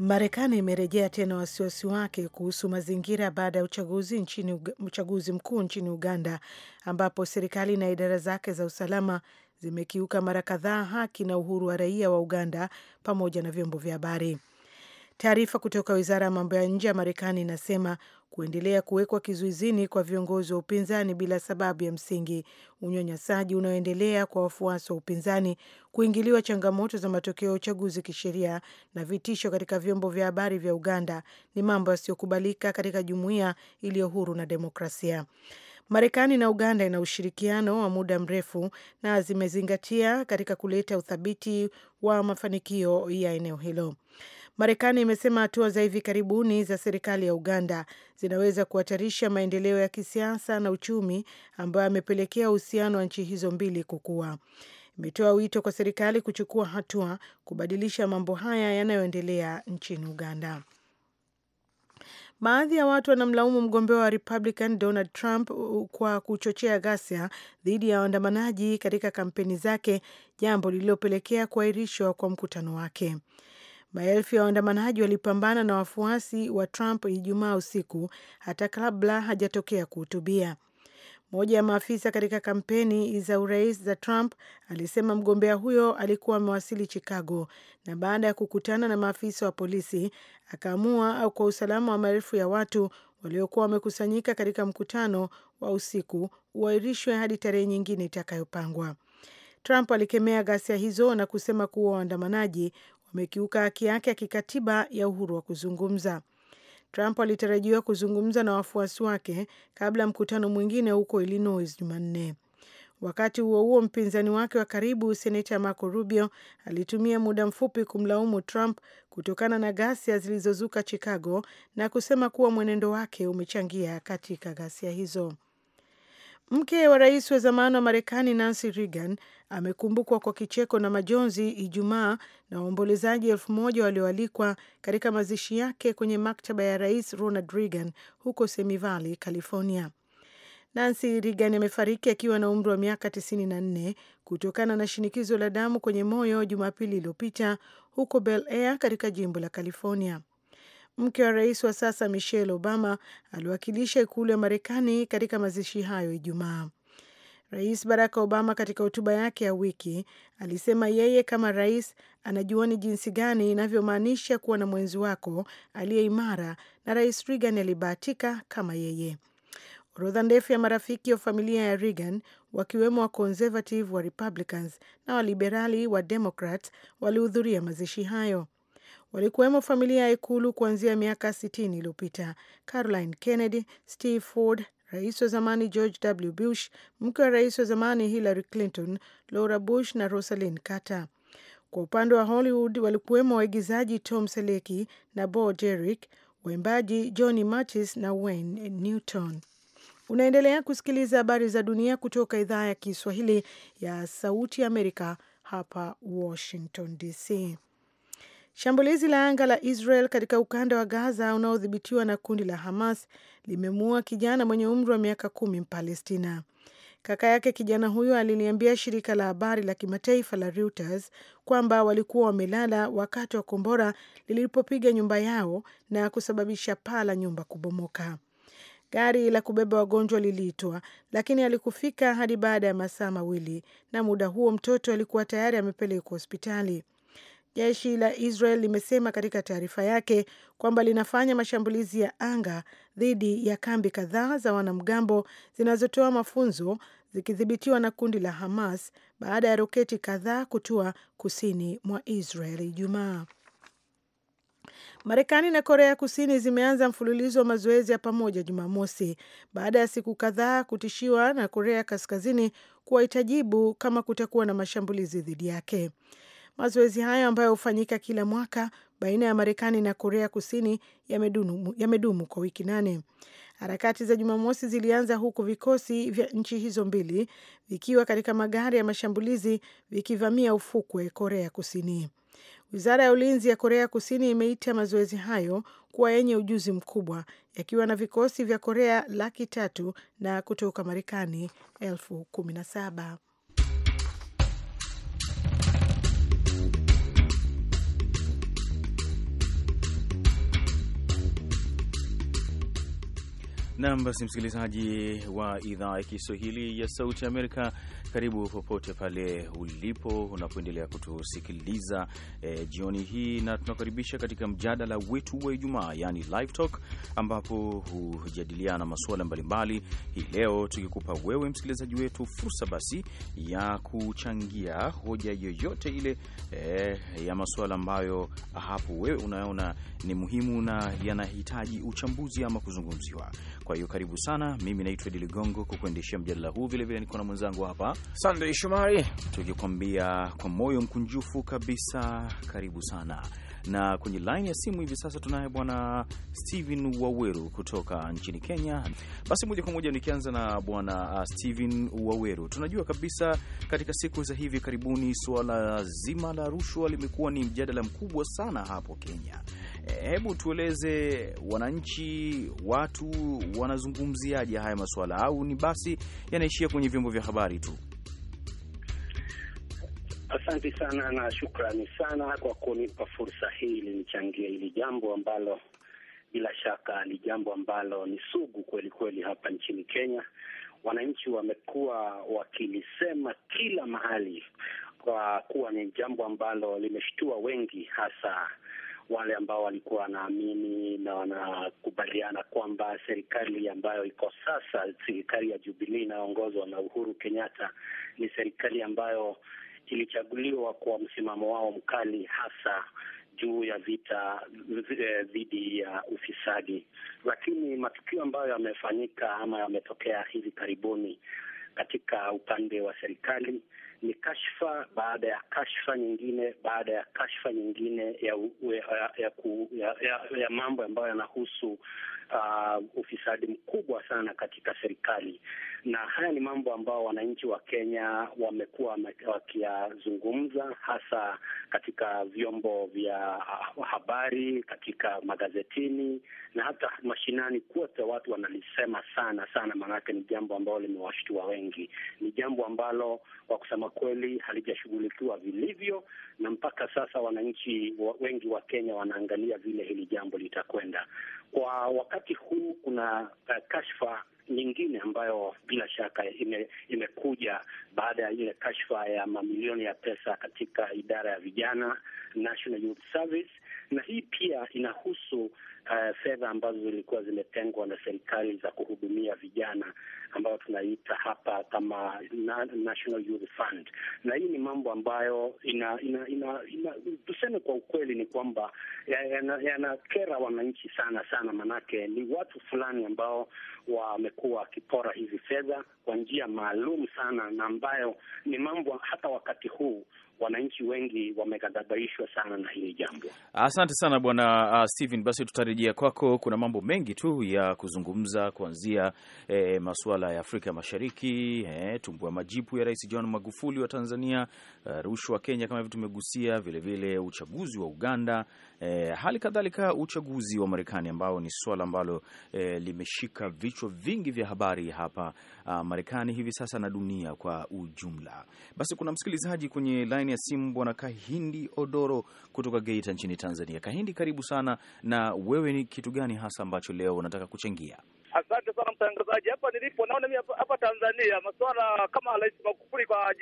Marekani imerejea tena wasiwasi wake kuhusu mazingira baada ya uchaguzi, uchaguzi mkuu nchini Uganda, ambapo serikali na idara zake za usalama zimekiuka mara kadhaa haki na uhuru wa raia wa Uganda pamoja na vyombo vya habari. Taarifa kutoka wizara ya mambo ya nje ya Marekani inasema kuendelea kuwekwa kizuizini kwa viongozi wa upinzani bila sababu ya msingi, unyanyasaji unaoendelea kwa wafuasi wa upinzani, kuingiliwa changamoto za matokeo ya uchaguzi kisheria na vitisho katika vyombo vya habari vya Uganda ni mambo yasiyokubalika katika jumuiya iliyo huru na demokrasia. Marekani na Uganda ina ushirikiano wa muda mrefu na zimezingatia katika kuleta uthabiti wa mafanikio ya eneo hilo. Marekani imesema hatua za hivi karibuni za serikali ya Uganda zinaweza kuhatarisha maendeleo ya kisiasa na uchumi ambayo amepelekea uhusiano wa nchi hizo mbili kukua. Imetoa wito kwa serikali kuchukua hatua kubadilisha mambo haya yanayoendelea nchini Uganda. Baadhi ya watu wanamlaumu mgombea wa Republican Donald Trump kwa kuchochea ghasia dhidi ya waandamanaji katika kampeni zake, jambo lililopelekea kuahirishwa kwa mkutano wake. Maelfu ya waandamanaji walipambana na wafuasi wa Trump Ijumaa usiku hata kabla hajatokea kuhutubia. Mmoja ya maafisa katika kampeni za urais za Trump alisema mgombea huyo alikuwa amewasili Chicago na baada ya kukutana na maafisa wa polisi akaamua au kwa usalama wa maelfu ya watu waliokuwa wamekusanyika katika mkutano wa usiku uairishwe hadi tarehe nyingine itakayopangwa. Trump alikemea ghasia hizo na kusema kuwa waandamanaji umekiuka haki yake ya kikatiba ya uhuru wa kuzungumza. Trump alitarajiwa kuzungumza na wafuasi wake kabla ya mkutano mwingine huko Illinois Jumanne. Wakati huo huo, mpinzani wake wa karibu seneta Marco Rubio alitumia muda mfupi kumlaumu Trump kutokana na ghasia zilizozuka Chicago na kusema kuwa mwenendo wake umechangia katika ghasia hizo. Mke wa rais wa zamani wa Marekani Nancy Reagan amekumbukwa kwa kicheko na majonzi Ijumaa na waombolezaji elfu moja walioalikwa katika mazishi yake kwenye maktaba ya Rais Ronald Reagan huko Simi Valley, California. Nancy Reagan amefariki akiwa na umri wa miaka 94 kutokana na shinikizo la damu kwenye moyo Jumapili iliyopita huko Bel Air katika jimbo la California mke wa rais wa sasa Michelle Obama aliwakilisha ikulu ya Marekani katika mazishi hayo Ijumaa. Rais Barack Obama katika hotuba yake ya wiki alisema yeye kama rais anajua ni jinsi gani inavyomaanisha kuwa na mwenzi wako aliye imara, na Rais Reagan alibahatika kama yeye. Orodha ndefu ya marafiki wa familia ya Reagan wakiwemo wa conservative wa Republicans na waliberali wa Democrat walihudhuria mazishi hayo walikuwemo familia ya Ikulu kuanzia miaka 60 iliyopita: Caroline Kennedy, Steve Ford, rais wa zamani George W. Bush, mke wa rais wa zamani Hillary Clinton, Laura Bush na rosalin Carter. Kwa upande wa Hollywood walikuwemo waigizaji Tom Selleck na Bo Derek, waimbaji Johnny Mathis na Wayne Newton. Unaendelea kusikiliza habari za dunia kutoka idhaa ya Kiswahili ya Sauti ya Amerika hapa Washington DC. Shambulizi la anga la Israel katika ukanda wa Gaza unaodhibitiwa na kundi la Hamas limemuua kijana mwenye umri wa miaka kumi Mpalestina. Kaka yake kijana huyo aliliambia shirika la habari la kimataifa la Reuters kwamba walikuwa wamelala wakati wa kombora lilipopiga nyumba yao na kusababisha paa la nyumba kubomoka. Gari la kubeba wagonjwa liliitwa, lakini alikufika hadi baada ya masaa mawili, na muda huo mtoto alikuwa tayari amepelekwa hospitali. Jeshi la Israel limesema katika taarifa yake kwamba linafanya mashambulizi ya anga dhidi ya kambi kadhaa za wanamgambo zinazotoa mafunzo zikidhibitiwa na kundi la Hamas baada ya roketi kadhaa kutua kusini mwa Israel Ijumaa. Marekani na Korea Kusini zimeanza mfululizo wa mazoezi ya pamoja Jumamosi baada ya siku kadhaa kutishiwa na Korea Kaskazini kuwa itajibu kama kutakuwa na mashambulizi dhidi yake. Mazoezi hayo ambayo hufanyika kila mwaka baina ya Marekani na Korea Kusini yamedumu, ya kwa wiki nane. Harakati za Jumamosi zilianza huku vikosi vya nchi hizo mbili vikiwa katika magari ya mashambulizi vikivamia ufukwe Korea Kusini. Wizara ya ulinzi ya Korea Kusini imeita mazoezi hayo kuwa yenye ujuzi mkubwa, yakiwa na vikosi vya Korea laki tatu na kutoka Marekani elfu kumi na saba. Nam, basi msikilizaji wa idhaa ya Kiswahili ya Sauti Amerika, karibu popote pale ulipo unapoendelea kutusikiliza e, jioni hii, na tunakaribisha katika mjadala wetu wa Ijumaa yani live talk, ambapo hujadiliana masuala mbalimbali hii leo, tukikupa wewe msikilizaji wetu fursa basi ya kuchangia hoja yoyote ile e, ya masuala ambayo hapo wewe unaona ni muhimu na yanahitaji uchambuzi ama kuzungumziwa. Kwa hiyo karibu sana, mimi naitwa Idi Ligongo kukuendeshea mjadala huu, vilevile niko na mwenzangu hapa sandey Shomari, tukikwambia kwa moyo mkunjufu kabisa, karibu sana na kwenye laini ya simu hivi sasa tunaye bwana Steven Waweru kutoka nchini Kenya. Basi moja kwa moja nikianza na bwana uh, Steven Waweru, tunajua kabisa katika siku za hivi karibuni suala zima la rushwa limekuwa ni mjadala mkubwa sana hapo Kenya. Hebu tueleze wananchi, watu wanazungumziaje haya masuala, au ni basi yanaishia kwenye vyombo vya habari tu? Asante sana na shukrani sana kwa kunipa fursa hii ili nichangie hili jambo ambalo bila shaka ni jambo ambalo ni sugu kweli kweli hapa nchini Kenya. Wananchi wamekuwa wakilisema kila mahali kwa kuwa ni jambo ambalo limeshtua wengi, hasa wale ambao walikuwa wanaamini na wanakubaliana kwamba serikali ambayo iko sasa, serikali ya Jubilee inayoongozwa na Uhuru Kenyatta, ni serikali ambayo kilichaguliwa kwa msimamo wao mkali hasa juu ya vita eh, dhidi ya ufisadi. Lakini matukio ambayo yamefanyika ama yametokea hivi karibuni katika upande wa serikali ni kashfa baada ya kashfa nyingine baada ya kashfa nyingine ya, ya, ya, ya, ya, ya mambo ambayo yanahusu uh, ufisadi mkubwa sana katika serikali, na haya ni mambo ambao wananchi wa Kenya wamekuwa wakiyazungumza, hasa katika vyombo vya habari, katika magazetini na hata mashinani, kote watu wanalisema sana sana, maanake ni jambo ambalo limewashtua wengi. Ni jambo ambalo kwa kusema kweli halijashughulikiwa vilivyo, na mpaka sasa wananchi wengi wa Kenya wanaangalia vile hili wakati huu kuna uh, kashfa nyingine ambayo bila shaka ime, imekuja baada ya ile kashfa ya mamilioni ya pesa katika idara ya vijana National Youth Service, na hii pia inahusu uh, fedha ambazo zilikuwa zimetengwa na serikali za kuhudumia vijana ambayo tunaita hapa kama National Youth Fund, na hii ni mambo ambayo ina, ina, ina, ina tuseme kwa ukweli ni kwamba yanakera ya, ya wananchi sana sana, manake ni watu fulani ambao wamekuwa wakipora hizi fedha kwa njia maalum sana, na ambayo ni mambo hata wakati huu wananchi wengi wameghadhabishwa sana na hili jambo. Asante sana bwana uh, Steven, basi tutarejea kwako. Kuna mambo mengi tu ya kuzungumza kuanzia eh, masuala ya Afrika Mashariki eh, tumbua majipu ya Rais John Magufuli wa Tanzania, uh, rushwa Kenya kama hivyo tumegusia, vilevile uchaguzi wa Uganda, E, hali kadhalika uchaguzi wa Marekani ambao ni swala ambalo e, limeshika vichwa vingi vya habari hapa uh, Marekani hivi sasa na dunia kwa ujumla. Basi kuna msikilizaji kwenye line ya simu bwana Kahindi Odoro kutoka Geita nchini Tanzania. Kahindi, karibu sana. Na wewe ni kitu gani hasa ambacho leo unataka kuchangia? Asante sana mtangazaji. Hapa nilipo naona mimi hapa Tanzania masuala kama Rais Magufuli kwa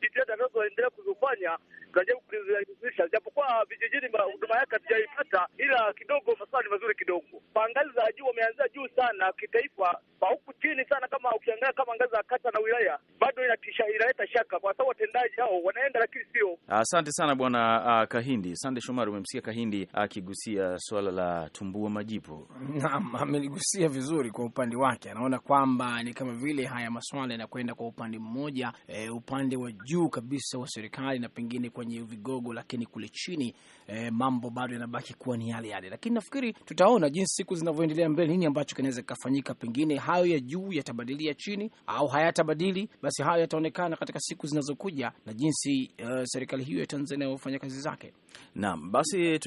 jitihada anazoendelea kuzifanya tunajaribu kuzirahisisha, japokuwa vijijini huduma yake hatujaipata, ila kidogo masuala ni mazuri kidogo. Kwa ngazi za juu wameanzia juu sana kitaifa, kwa huku chini sana, kama ukiangalia kama ngazi za kata na wilaya bado inatisha, inaleta shaka kwa sababu watendaji hao wanaenda, lakini sio. Asante sana bwana uh, Kahindi. Sande Shomari, umemsikia Kahindi akigusia uh, swala la tumbua majipu. Naam, ameligusia vizuri kwa upande wake anaona kwamba ni kama vile haya maswala yanakwenda kwa upande mmoja, e, upande wa juu kabisa wa serikali na pengine kwenye vigogo, lakini kule chini e, mambo bado yanabaki kuwa ni yale yale. Lakini nafikiri tutaona jinsi siku zinavyoendelea mbele, nini ambacho kinaweza kikafanyika. Pengine hayo ya juu yatabadilia chini au hayatabadili, basi hayo yataonekana katika siku zinazokuja na jinsi uh, serikali hiyo ya Tanzania inavyofanya kazi zake. Naam, basi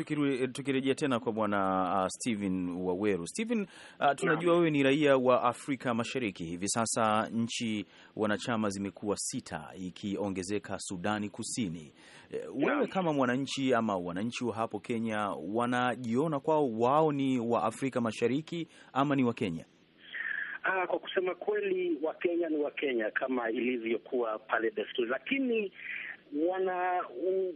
tukirejea tena kwa bwana uh, ah, Stephen Waweru. Stephen, uh, ah, tunajua wewe ni raia wa Afrika Mashariki. Hivi sasa nchi wanachama zimekuwa sita, ikiongezeka Sudani Kusini. Eh, wewe kama mwananchi ama wananchi wa hapo Kenya, wanajiona kwao wao ni wa Afrika Mashariki ama ni wa Kenya? Aa, ah, kwa kusema kweli Wakenya ni Wakenya kama ilivyokuwa pale desturi, lakini wana um,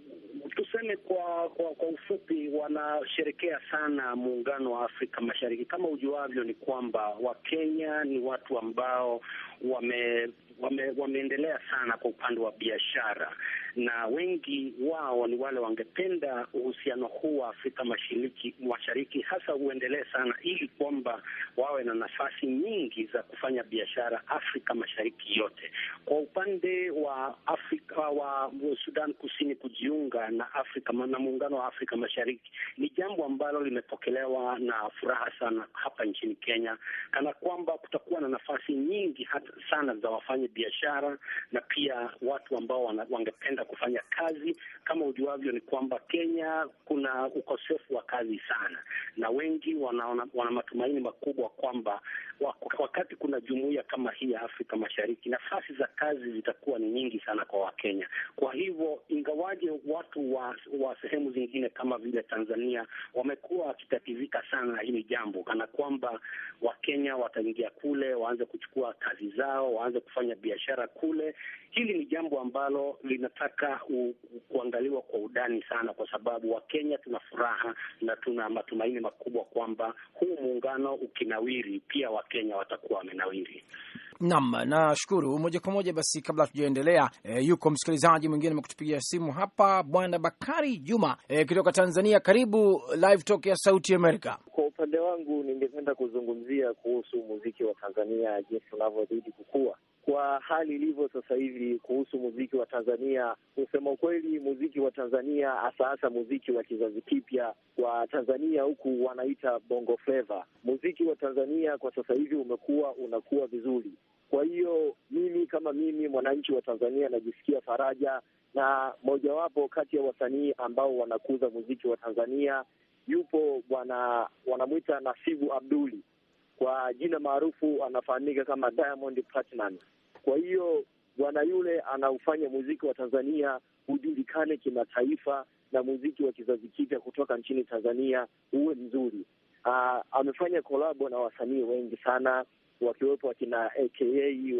tuseme kwa, kwa kwa ufupi wanasherekea sana muungano wa Afrika Mashariki. Kama ujuavyo ni kwamba Wakenya ni watu ambao wame wame- wameendelea sana kwa upande wa biashara na wengi wao ni wale wangependa uhusiano huu wa Afrika Mashariki, Mashariki hasa uendelee sana, ili kwamba wawe na nafasi nyingi za kufanya biashara Afrika Mashariki yote. Kwa upande wa Afrika wa Sudan Kusini kujiunga na Afrika na muungano wa Afrika Mashariki ni jambo ambalo limepokelewa na furaha sana hapa nchini Kenya, kana kwamba kutakuwa na nafasi nyingi hata sana za wafanya biashara na pia watu ambao wangependa kwenda kufanya kazi. Kama ujuavyo, ni kwamba Kenya kuna ukosefu wa kazi sana, na wengi wana, wana matumaini makubwa kwamba wakati kuna jumuiya kama hii ya Afrika Mashariki, nafasi za kazi zitakuwa ni nyingi sana kwa Wakenya. Kwa hivyo, ingawaje watu wa, wa sehemu zingine kama vile Tanzania wamekuwa wakitatizika sana hili jambo, kana kwamba wa Wakenya wataingia kule, waanze kuchukua kazi zao, waanze kufanya biashara kule. Hili ni jambo ambalo linataka u, u, kuangaliwa kwa undani sana, kwa sababu Wakenya tuna furaha na tuna matumaini makubwa kwamba huu muungano ukinawiri, pia Wakenya watakuwa wamenawiri. Naam, nashukuru moja kwa moja. Basi kabla tujaendelea e, eh, yuko msikilizaji mwingine amekutupigia simu hapa, Bwana Bakari Juma e, kutoka Tanzania. Karibu Live Talk ya Sauti Amerika upande wangu ningependa kuzungumzia kuhusu muziki wa Tanzania, jinsi unavyozidi kukua kwa hali ilivyo sasa hivi kuhusu muziki wa Tanzania. Kusema ukweli, muziki wa Tanzania hasa hasa muziki wa kizazi kipya wa Tanzania huku wanaita bongo fleva, muziki wa Tanzania kwa sasa hivi umekuwa unakuwa vizuri. Kwa hiyo mimi kama mimi mwananchi wa Tanzania najisikia faraja, na mojawapo kati ya wasanii ambao wanakuza muziki wa Tanzania yupo bwana wanamwita Nasibu Abduli, kwa jina maarufu anafahamika kama Diamond Platnumz. Kwa hiyo bwana yule anaufanya muziki wa Tanzania hujulikane kimataifa na muziki wa kizazi kipya kutoka nchini Tanzania uwe mzuri. Uh, amefanya kolabo na wasanii wengi sana wakiwepo wakina aka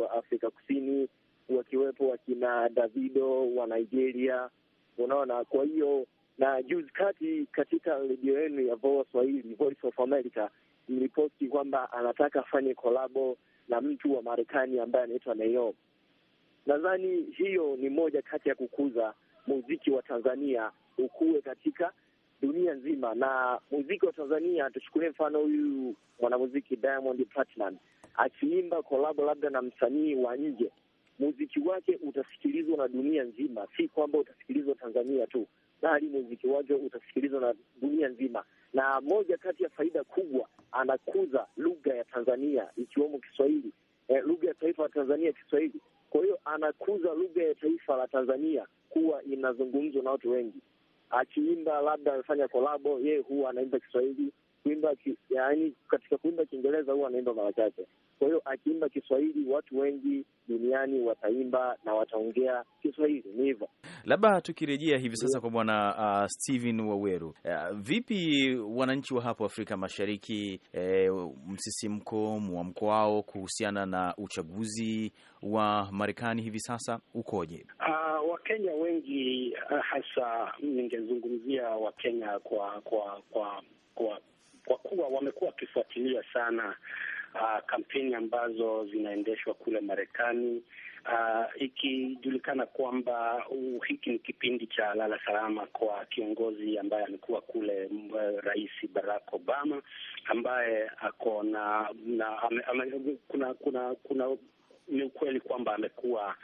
wa Afrika Kusini, wakiwepo wakina Davido wa Nigeria, unaona. Kwa hiyo na juzi kati katika redio yenu ya VOA Swahili, Voice of America, mliposti kwamba anataka afanye kolabo na mtu wa Marekani ambaye anaitwa Nayo. Nadhani hiyo ni moja kati ya kukuza muziki wa Tanzania ukuwe katika dunia nzima, na muziki wa Tanzania tuchukulie mfano huyu mwanamuziki Diamond Platinum akiimba kolabo labda na msanii wa nje, muziki wake utasikilizwa na dunia nzima, si kwamba utasikilizwa Tanzania tu bali muziki wake utasikilizwa na dunia nzima, na moja kati ya faida kubwa, anakuza lugha ya Tanzania ikiwemo Kiswahili, e, lugha ya taifa la Tanzania Kiswahili. Kwa hiyo anakuza lugha ya taifa la Tanzania kuwa inazungumzwa na watu wengi. Akiimba labda amefanya kolabo, yeye huwa anaimba Kiswahili kuimba yaani, katika kuimba Kiingereza huwa anaimba mara chache. Kwa hiyo akiimba Kiswahili, watu wengi duniani wataimba na wataongea Kiswahili. Ni hivyo. Labda tukirejea hivi sasa kwa bwana uh, Steven Waweru, uh, vipi wananchi wa hapo Afrika Mashariki, eh, msisimko, mwamko wao kuhusiana na uchaguzi wa Marekani hivi sasa ukoje? Uh, Wakenya wengi uh, hasa, ningezungumzia Wakenya kwa kwa kwa kwa kwa kuwa wamekuwa wakifuatilia sana uh, kampeni ambazo zinaendeshwa kule Marekani uh, ikijulikana kwamba uh, hiki ni kipindi cha lala salama kwa kiongozi ambaye amekuwa kule uh, Rais Barack Obama ambaye ako na, na ame, ame, kuna kuna kuna ni ukweli kwamba amekuwa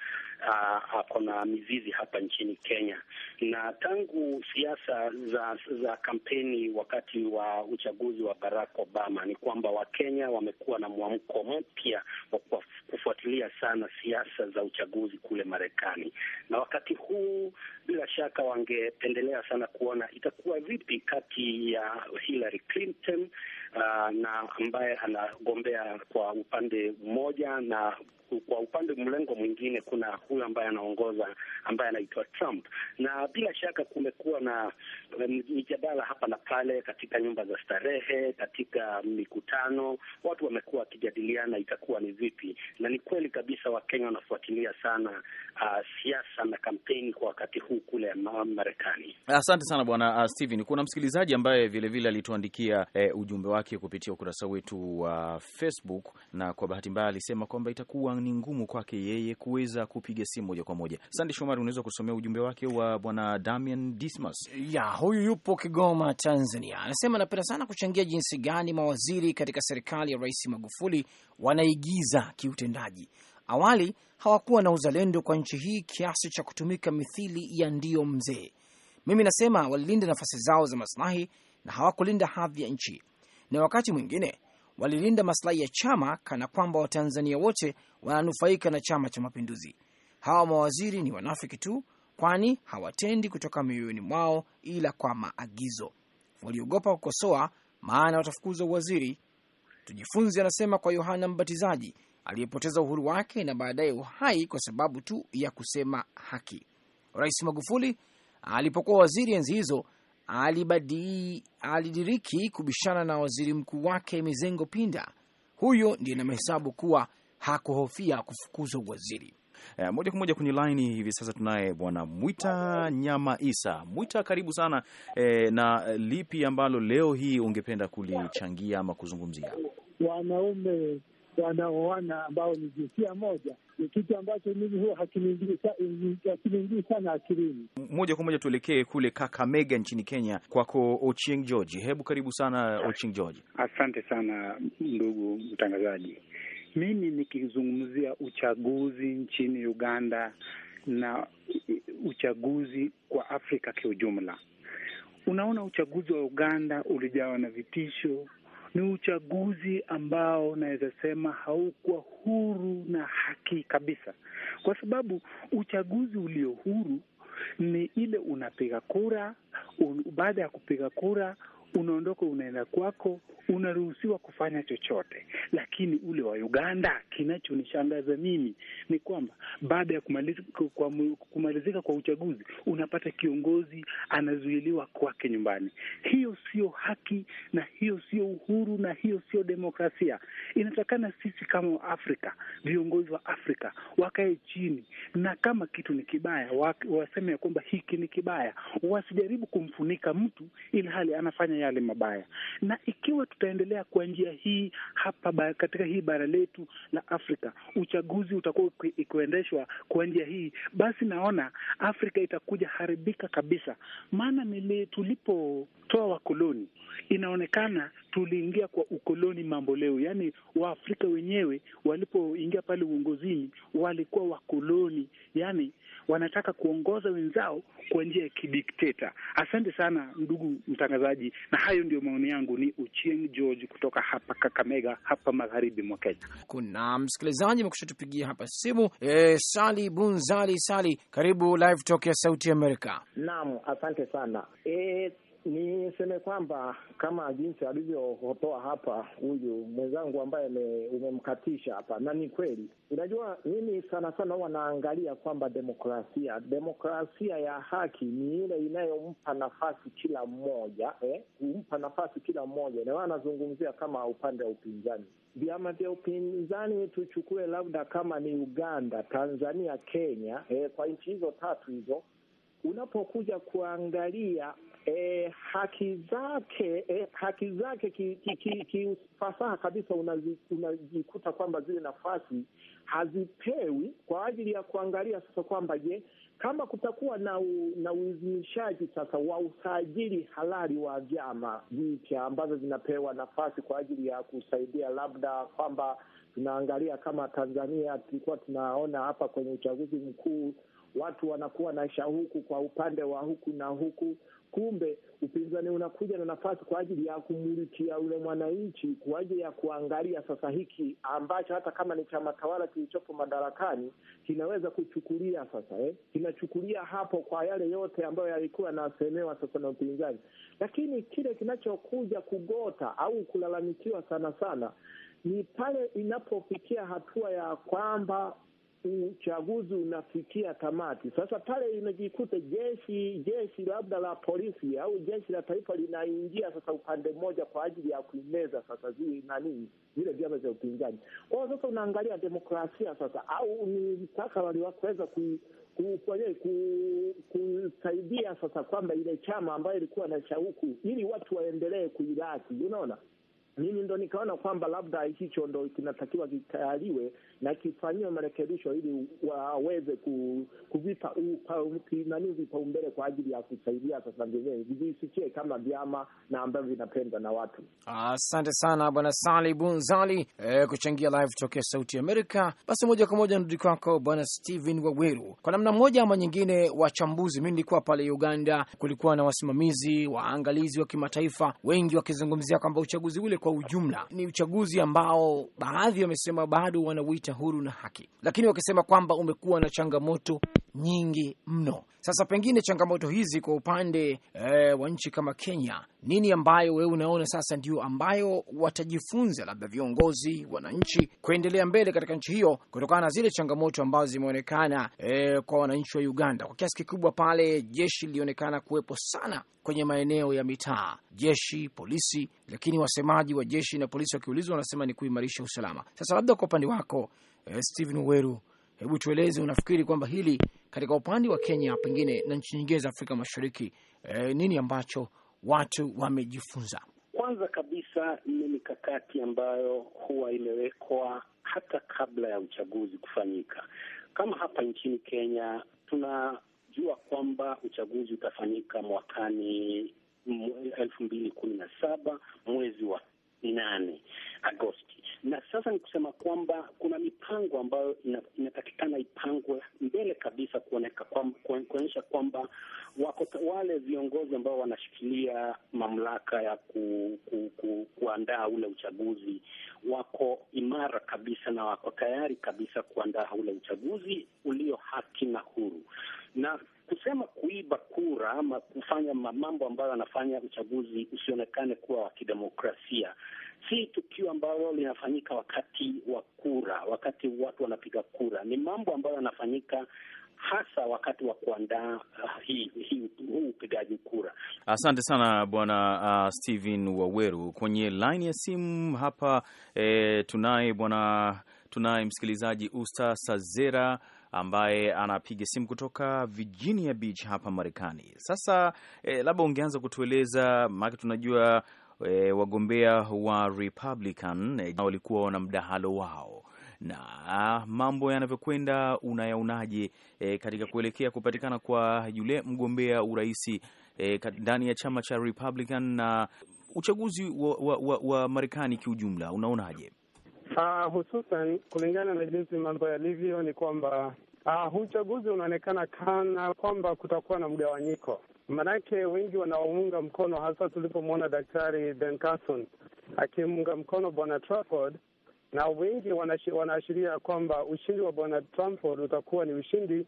Uh, ako na mizizi hapa nchini Kenya, na tangu siasa za za kampeni wakati wa uchaguzi wa Barack Obama ni kwamba Wakenya wamekuwa na mwamko mpya wa kufuatilia sana siasa za uchaguzi kule Marekani, na wakati huu bila shaka wangependelea sana kuona itakuwa vipi kati ya Hillary Clinton uh, na ambaye anagombea kwa upande mmoja na kwa upande mlengo mwingine kuna huyo ambaye anaongoza ambaye anaitwa Trump. Na bila shaka kumekuwa na eh, mijadala hapa na pale, katika nyumba za starehe, katika mikutano, watu wamekuwa wakijadiliana itakuwa ni vipi, na ni kweli kabisa Wakenya wanafuatilia sana uh, siasa na kampeni kwa wakati huu kule Marekani. Asante sana bwana uh, Steven. Kuna msikilizaji ambaye vilevile alituandikia eh, ujumbe wake kupitia ukurasa wetu wa uh, Facebook, na kwa bahati mbaya alisema kwamba itakuwa ni ngumu kwake yeye kuweza kupiga kumpiga simu moja kwa moja. Sande Shomari, unaweza kusomea ujumbe wake wa bwana Damian Dismas? Ya huyu yupo Kigoma, Tanzania, anasema anapenda sana kuchangia jinsi gani mawaziri katika serikali ya Rais Magufuli wanaigiza kiutendaji. Awali hawakuwa na uzalendo kwa nchi hii kiasi cha kutumika mithili ya ndio mzee. Mimi nasema walilinda nafasi zao za maslahi na hawakulinda hadhi ya nchi, na wakati mwingine walilinda maslahi ya chama kana kwamba Watanzania wote wananufaika na Chama cha Mapinduzi. Hawa mawaziri ni wanafiki tu, kwani hawatendi kutoka mioyoni mwao ila kwa maagizo. Waliogopa kukosoa, maana watafukuzwa uwaziri. tujifunzi anasema kwa Yohana Mbatizaji aliyepoteza uhuru wake na baadaye uhai kwa sababu tu ya kusema haki. Rais Magufuli alipokuwa waziri enzi hizo alidiriki kubishana na waziri mkuu wake Mizengo Pinda. Huyo ndiye namhesabu kuwa hakuhofia kufukuzwa uwaziri. Eh, moja kwa moja kwenye laini hivi sasa tunaye bwana Mwita Nyama Isa. Mwita, karibu sana eh, na lipi ambalo leo hii ungependa kulichangia ama kuzungumzia? Wanaume wanaoana ambao ni jinsia moja ni kitu ambacho mimi huwa hakiniingii sana akilini. Moja kwa moja tuelekee kule Kakamega nchini Kenya, kwako Ochieng George. Hebu karibu sana Ochieng George. Asante sana ndugu mtangazaji. Mimi nikizungumzia uchaguzi nchini Uganda na uchaguzi kwa Afrika kiujumla, unaona uchaguzi wa Uganda ulijawa na vitisho. Ni uchaguzi ambao naweza sema haukuwa huru na haki kabisa, kwa sababu uchaguzi ulio huru ni ile unapiga kura un, baada ya kupiga kura unaondoka unaenda kwako, unaruhusiwa kufanya chochote. Lakini ule wa Uganda, kinachonishangaza mimi ni kwamba baada ya kumalizika kwa uchaguzi unapata kiongozi anazuiliwa kwake nyumbani. Hiyo sio haki na hiyo sio uhuru na hiyo sio demokrasia. Inatakana sisi kama Afrika, viongozi wa Afrika wakae chini, na kama kitu ni kibaya waseme ya kwamba hiki ni kibaya, wasijaribu kumfunika mtu ili hali anafanya yale mabaya. Na ikiwa tutaendelea kwa njia hii hapa ba, katika hii bara letu la Afrika, uchaguzi utakuwa ikiendeshwa kwa njia hii, basi naona Afrika itakuja haribika kabisa, maana nili tulipotoa wakoloni inaonekana tuliingia kwa ukoloni mambo leo. Yaani Waafrika wenyewe walipoingia pale uongozini walikuwa wakoloni, yaani wanataka kuongoza wenzao kwa njia ya kidikteta. Asante sana ndugu mtangazaji, na hayo ndio maoni yangu. Ni Uchieng George kutoka hapa Kakamega, hapa magharibi mwa Kenya. Kuna msikilizaji mekusha tupigia hapa simu e, Sali Bunzali. Sali, karibu Live Talk ya Sauti Amerika. Naam, asante sana e, Niseme kwamba kama jinsi alivyohotoa hapa huyu mwenzangu ambaye umemkatisha hapa, na ni kweli. Unajua, mimi sana sana huwa naangalia kwamba demokrasia, demokrasia ya haki ni ile inayompa nafasi kila mmoja eh, kumpa nafasi kila mmoja, na anazungumzia kama upande wa upinzani, vyama vya upinzani tuchukue labda kama ni Uganda, Tanzania, Kenya eh, kwa nchi hizo tatu hizo unapokuja kuangalia e, haki zake e, haki zake kiufasaha ki, ki, ki kabisa unajikuta kwamba zile nafasi hazipewi kwa ajili ya kuangalia sasa kwamba je, kama kutakuwa na u, na uizimishaji sasa wa usajili halali wa vyama vipya ambazo zinapewa nafasi kwa ajili ya kusaidia labda kwamba tunaangalia kama Tanzania tulikuwa tunaona hapa kwenye uchaguzi mkuu watu wanakuwa na shauku kwa upande wa huku na huku, Kumbe upinzani unakuja na nafasi kwa ajili ya kumulikia ule mwananchi, kwa ajili ya kuangalia sasa hiki ambacho hata kama ni chama tawala kilichopo madarakani kinaweza kuchukulia sasa, eh, kinachukulia hapo kwa yale yote ambayo yalikuwa yanasemewa sasa na upinzani. Lakini kile kinachokuja kugota au kulalamikiwa sana sana ni pale inapofikia hatua ya kwamba uchaguzi unafikia tamati. Sasa pale inajikuta jeshi jeshi labda la polisi au jeshi la taifa linaingia sasa upande mmoja kwa ajili ya kuimeza sasa zile nani vile vyama vya upinzani kwao. Sasa unaangalia demokrasia sasa, au ni mstakabali wa kuweza ku kusaidia sasa kwamba ile chama ambayo ilikuwa na shauku ili watu waendelee kuiraki, unaona. Mimi ndo nikaona kwamba labda hicho ndo kinatakiwa kikaliwe na kifanyiwe marekebisho ili waweze kuvipa nani vipaumbele kwa ajili ya kusaidia sasa vyenyewe visikie kama vyama na ambavyo vinapendwa na watu. Asante sana Bwana Sali Bunzali e, kuchangia live tokea Sauti Amerika. Basi moja kwa moja nrudi kwako Bwana Steven Waweru. Kwa namna moja ama nyingine, wachambuzi, mi nilikuwa pale Uganda, kulikuwa na wasimamizi waangalizi wa kimataifa wengi wakizungumzia kwamba uchaguzi ule kwa ujumla ni uchaguzi ambao baadhi wamesema bado wanauita huru na haki, lakini wakisema kwamba umekuwa na changamoto nyingi mno. Sasa pengine changamoto hizi kwa upande e, wa nchi kama Kenya, nini ambayo wewe unaona sasa ndio ambayo watajifunza labda viongozi, wananchi, kuendelea mbele katika nchi hiyo kutokana na zile changamoto ambazo zimeonekana e, kwa wananchi wa Uganda kwa kiasi kikubwa. Pale jeshi lilionekana kuwepo sana kwenye maeneo ya mitaa, jeshi polisi, lakini wasemaji wa jeshi na polisi wakiulizwa wanasema ni kuimarisha usalama. Sasa labda kwa upande wako e, eh, Stephen Uweru, hebu tueleze unafikiri kwamba hili katika upande wa Kenya pengine na nchi nyingine za Afrika Mashariki, e, nini ambacho watu wamejifunza? Kwanza kabisa ni mikakati ambayo huwa imewekwa hata kabla ya uchaguzi kufanyika. Kama hapa nchini Kenya tunajua kwamba uchaguzi utafanyika mwakani elfu mbili kumi na saba mwezi wa nane Agosti. Na sasa ni kusema kwamba kuna mipango ambayo inatakikana ipangwe mbele kabisa kuonyesha kwamba wako wale viongozi ambao wanashikilia mamlaka ya ku, ku, ku, kuandaa ule uchaguzi wako imara kabisa na wako tayari kabisa kuandaa ule uchaguzi ulio haki na huru na kusema kuiba kura ama kufanya mambo ambayo anafanya uchaguzi usionekane kuwa wa kidemokrasia si tukio ambalo linafanyika wakati wa kura, wakati watu wanapiga kura. Ni mambo ambayo yanafanyika hasa wakati wa kuandaa uh, hii hii huu upigaji kura. Asante sana bwana uh, Steven Waweru. Kwenye laini ya simu hapa eh, tunaye bwana tunaye msikilizaji Usta Sazera ambaye anapiga simu kutoka Virginia Beach hapa Marekani. Sasa e, labda ungeanza kutueleza maake, tunajua e, wagombea wa Republican e, walikuwa wana mdahalo wao na ah, mambo yanavyokwenda unayaonaje e, katika kuelekea kupatikana kwa yule mgombea urahisi e, ndani ya chama cha Republican na uchaguzi wa, wa, wa, wa Marekani kiujumla unaonaje? Uh, hususan kulingana na jinsi mambo yalivyo ni kwamba huu uh, ah, uchaguzi unaonekana kana kwamba kutakuwa na mgawanyiko, maanake wengi wanaounga mkono, hasa tulipomwona Daktari Ben Carson akimunga mkono Bwana Trafford, na wengi wanaashiria kwamba ushindi wa Bwana Trafford utakuwa ni ushindi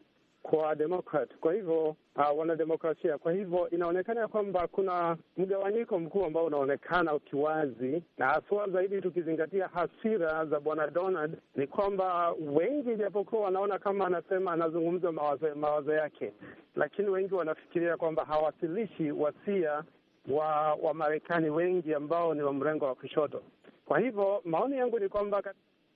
kwa Demokrat. kwa hivyo uh, wanademokrasia. Kwa hivyo inaonekana ya kwamba kuna mgawanyiko mkuu ambao unaonekana ukiwazi, na haswa zaidi tukizingatia hasira za bwana Donald, ni kwamba wengi, japokuwa wanaona kama anasema anazungumza mawazo, mawazo yake, lakini wengi wanafikiria kwamba hawasilishi wasia wa Wamarekani wengi ambao ni wa mrengo wa kushoto. Kwa hivyo maoni yangu ni kwamba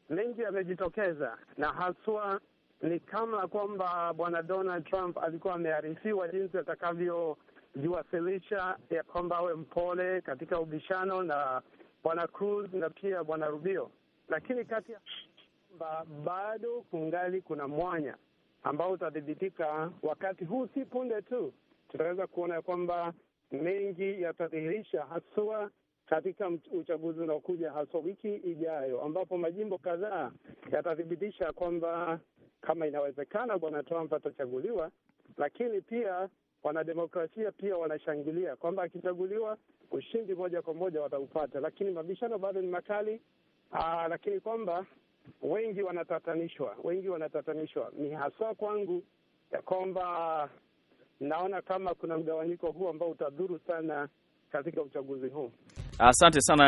mengi yamejitokeza na haswa ni kama kwamba bwana Donald Trump alikuwa amearifiwa jinsi atakavyojiwasilisha ya kwamba awe mpole katika ubishano na bwana Cruz na pia bwana Rubio, lakini kati ya bado kungali kuna mwanya ambao utathibitika wakati huu, si punde tu tutaweza kuona ya kwamba mengi yatadhihirisha haswa katika uchaguzi unaokuja haswa wiki ijayo, ambapo majimbo kadhaa yatathibitisha kwamba kama inawezekana bwana Trump atachaguliwa, lakini pia wanademokrasia pia wanashangilia kwamba akichaguliwa ushindi moja kwa moja wataupata, lakini mabishano bado ni makali. Aa, ah, lakini kwamba wengi wanatatanishwa, wengi wanatatanishwa. Ni haswa kwangu ya kwamba naona kama kuna mgawanyiko huu ambao utadhuru sana katika uchaguzi huu. Asante sana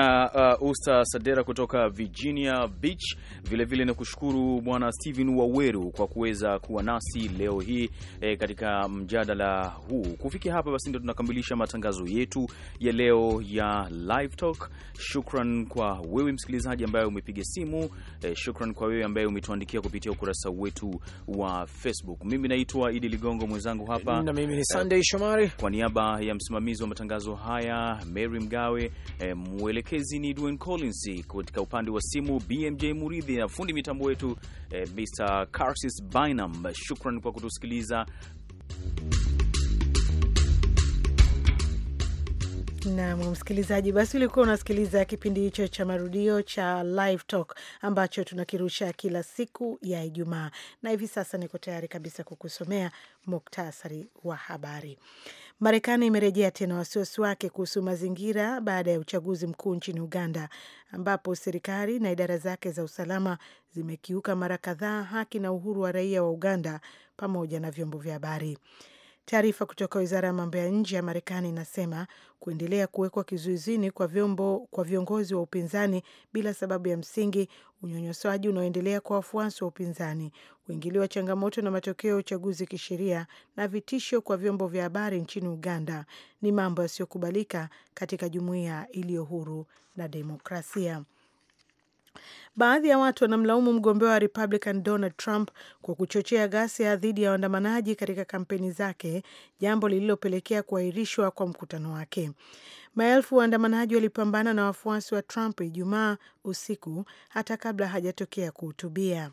uh, Usta Sadera kutoka Virginia Beach. Vilevile na kushukuru Bwana Steven Waweru kwa kuweza kuwa nasi leo hii e, katika mjadala huu. Kufikia hapa basi, ndio tunakamilisha matangazo yetu ya leo ya Live Talk. Shukran kwa wewe msikilizaji ambaye umepiga simu e, shukran kwa wewe ambaye umetuandikia kupitia ukurasa wetu wa Facebook. Mimi naitwa Idi Ligongo, mwenzangu hapa na mimi ni eh, Sunday Shomari, kwa niaba ya msimamizi wa matangazo haya Mary Mgawe E, mwelekezi ni Dwayne Collins, katika upande wa simu BMJ Muridhi na fundi mitambo wetu e, eh, Mr. Carsis Bynum. Shukran kwa kutusikiliza Nam msikilizaji, basi ulikuwa unasikiliza kipindi hicho cha marudio cha Live Talk ambacho tunakirusha kila siku ya Ijumaa, na hivi sasa niko tayari kabisa kukusomea muktasari wa habari. Marekani imerejea tena wasiwasi wake kuhusu mazingira baada ya uchaguzi mkuu nchini Uganda, ambapo serikali na idara zake za usalama zimekiuka mara kadhaa haki na uhuru wa raia wa Uganda pamoja na vyombo vya habari. Taarifa kutoka wizara ya mambo ya nje ya Marekani inasema kuendelea kuwekwa kizuizini kwa vyombo kwa viongozi wa upinzani bila sababu ya msingi, unyonyosaji unaoendelea kwa wafuasi wa upinzani, kuingiliwa changamoto na matokeo ya uchaguzi kisheria na vitisho kwa vyombo vya habari nchini Uganda ni mambo yasiyokubalika katika jumuiya iliyo huru na demokrasia. Baadhi ya watu wanamlaumu mgombea wa Republican Donald Trump kwa kuchochea ghasia dhidi ya waandamanaji katika kampeni zake, jambo lililopelekea kuahirishwa kwa mkutano wake. Maelfu waandamanaji walipambana na wafuasi wa Trump Ijumaa usiku hata kabla hajatokea kuhutubia.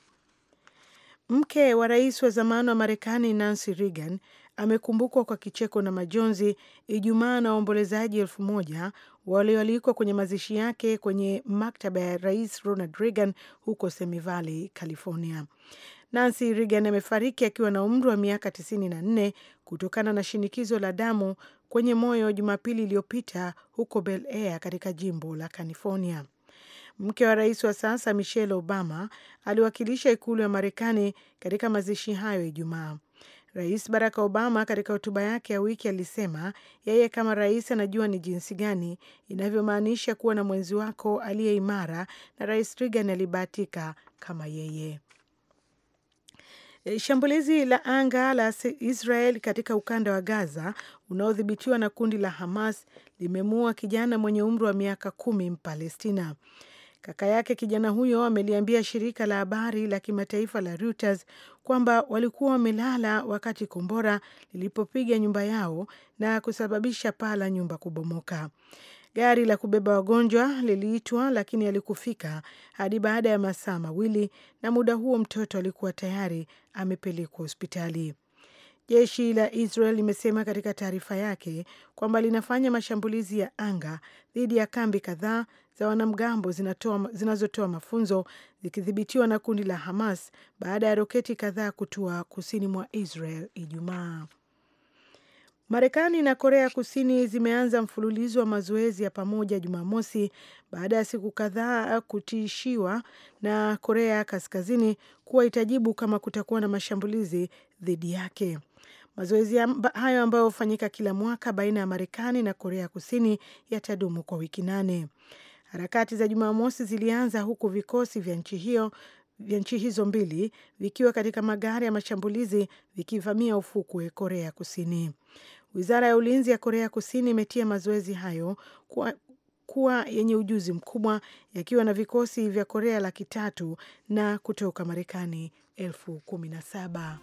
Mke wa rais wa zamani wa Marekani Nancy Reagan amekumbukwa kwa kicheko na majonzi Ijumaa na waombolezaji elfu moja walioalikwa kwenye mazishi yake kwenye maktaba ya Rais Ronald Reagan huko semivali Valley, California. Nancy Reagan amefariki akiwa na umri wa miaka 94 kutokana na shinikizo la damu kwenye moyo Jumapili iliyopita huko Bel Air katika jimbo la California. Mke wa rais wa sasa Michelle Obama aliwakilisha ikulu ya Marekani katika mazishi hayo Ijumaa. Rais Barack Obama katika hotuba yake ya wiki alisema yeye kama rais anajua ni jinsi gani inavyomaanisha kuwa na mwenzi wako aliye imara, na Rais Reagan alibahatika kama yeye. Eh, shambulizi la anga la Israel katika ukanda wa Gaza unaodhibitiwa na kundi la Hamas limemuua kijana mwenye umri wa miaka kumi Mpalestina. Kaka yake kijana huyo ameliambia shirika la habari la kimataifa la Reuters kwamba walikuwa wamelala wakati kombora lilipopiga nyumba yao na kusababisha paa la nyumba kubomoka. Gari la kubeba wagonjwa liliitwa lakini alikufika hadi baada ya masaa mawili, na muda huo mtoto alikuwa tayari amepelekwa hospitali. Jeshi la Israel limesema katika taarifa yake kwamba linafanya mashambulizi ya anga dhidi ya kambi kadhaa za wanamgambo zinazotoa mafunzo zikidhibitiwa na kundi la Hamas baada ya roketi kadhaa kutua kusini mwa Israel Ijumaa. Marekani na Korea Kusini zimeanza mfululizo wa mazoezi ya pamoja Jumamosi baada ya siku kadhaa kutishiwa na Korea Kaskazini kuwa itajibu kama kutakuwa na mashambulizi dhidi yake. Mazoezi hayo ambayo hufanyika kila mwaka baina ya Marekani na Korea Kusini yatadumu kwa wiki nane. Harakati za Jumamosi zilianza huku vikosi vya nchi hiyo vya nchi hizo mbili vikiwa katika magari ya mashambulizi vikivamia ufukwe Korea Kusini. Wizara ya ulinzi ya Korea Kusini imetia mazoezi hayo kuwa, kuwa yenye ujuzi mkubwa yakiwa na vikosi vya Korea laki tatu na kutoka Marekani elfu kumi na saba.